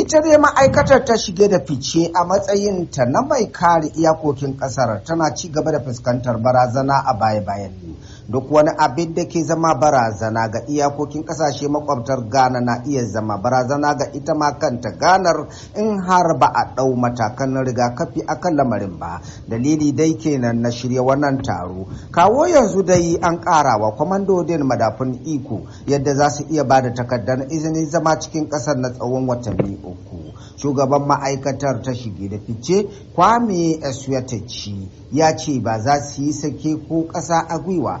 ita dai ma'aikatar ta shige da fice a matsayin ta na mai kare iyakokin ƙasar tana ci gaba da fuskantar barazana a baya-bayan duk wani abin da ke zama barazana ga iyakokin kasashe makwabtar ghana na iya zama barazana ga ita ma kanta ganar in har ba a ɗau matakan rigakafi akan lamarin ba dalili dai kenan na shirya wannan taro kawo yanzu dai an ƙara wa kwamandodin madafun iko yadda za su iya ba da takardar izinin zama cikin ƙasar na tsawon watanni uku shugaban ma'aikatar ta shige da fice kwame eswataci ya ce ba za su yi sake ko ƙasa a gwiwa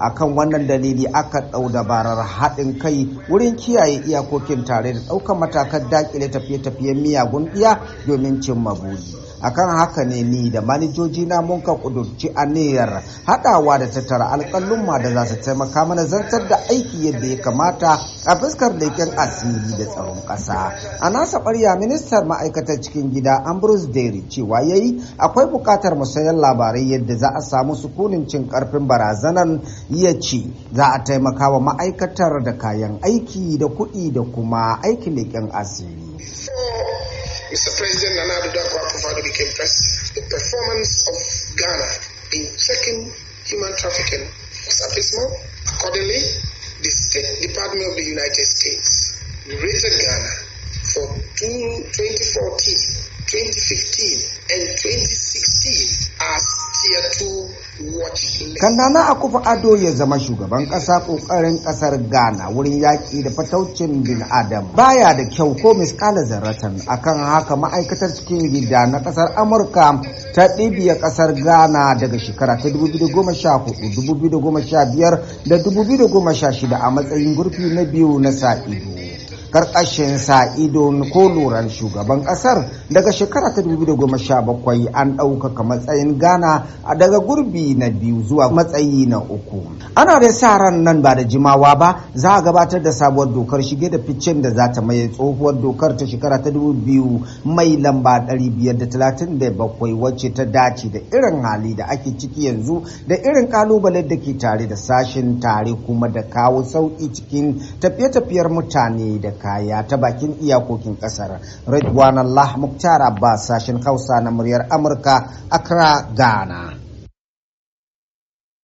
akan wannan dalili aka ɗau dabarar haɗin kai wurin kiyaye iyakokin tare da ɗaukar matakan daƙile tafiye-tafiyen miyagun iya domin cimma buri. akan haka ne ni da manijoji na mun ka kudurci aniyar haɗawa da tattara ma da za su taimaka mana zartar da aiki yadda ya kamata a fuskar leƙen asiri da tsaron ƙasa a nasa ɓarya ministar ma'aikatar cikin gida ambrose dairy cewa ya yi akwai buƙatar musayar labarai yadda za a samu sukunin cin ƙarfin barazanar ya ce za a taimaka wa ma'aikatar da kayan aiki da kuɗi da kuma aikin leƙen asiri Mr. President, came The performance of Ghana in checking human trafficking was abysmal. Accordingly, the State Department of the United States rated Ghana for 2014, 2015, and 2016 kandana a akufa ado ya zama shugaban ƙasa ƙoƙarin ƙasar ghana wurin yaƙi da fataucin bin adam baya da kyau ko miskala zaratan akan haka ma'aikatar cikin gida na ƙasar amurka ta ɗibiya ƙasar ghana daga shekara ta 2014 2015 da 2016 a matsayin gurfi na biyu na sa karkashin sa ido ko shugaban kasar daga shekara ta 2017 an ɗaukaka matsayin gana a daga gurbi na biyu zuwa matsayi na uku ana da sa ran nan ba da jimawa ba za a gabatar da sabuwar dokar shige da ficen da za ta maye tsohuwar dokar ta shekara ta 2000 mai lamba 537 wacce ta dace da irin hali da ake ciki yanzu da irin kalubalen da ke tare da sashen tare kuma da kawo sauƙi cikin tafiye-tafiyar mutane da kaya ta bakin iyakokin kasar Ridwan Allah Mukhtar Abbas sashen Hausa na muryar Amurka Accra Ghana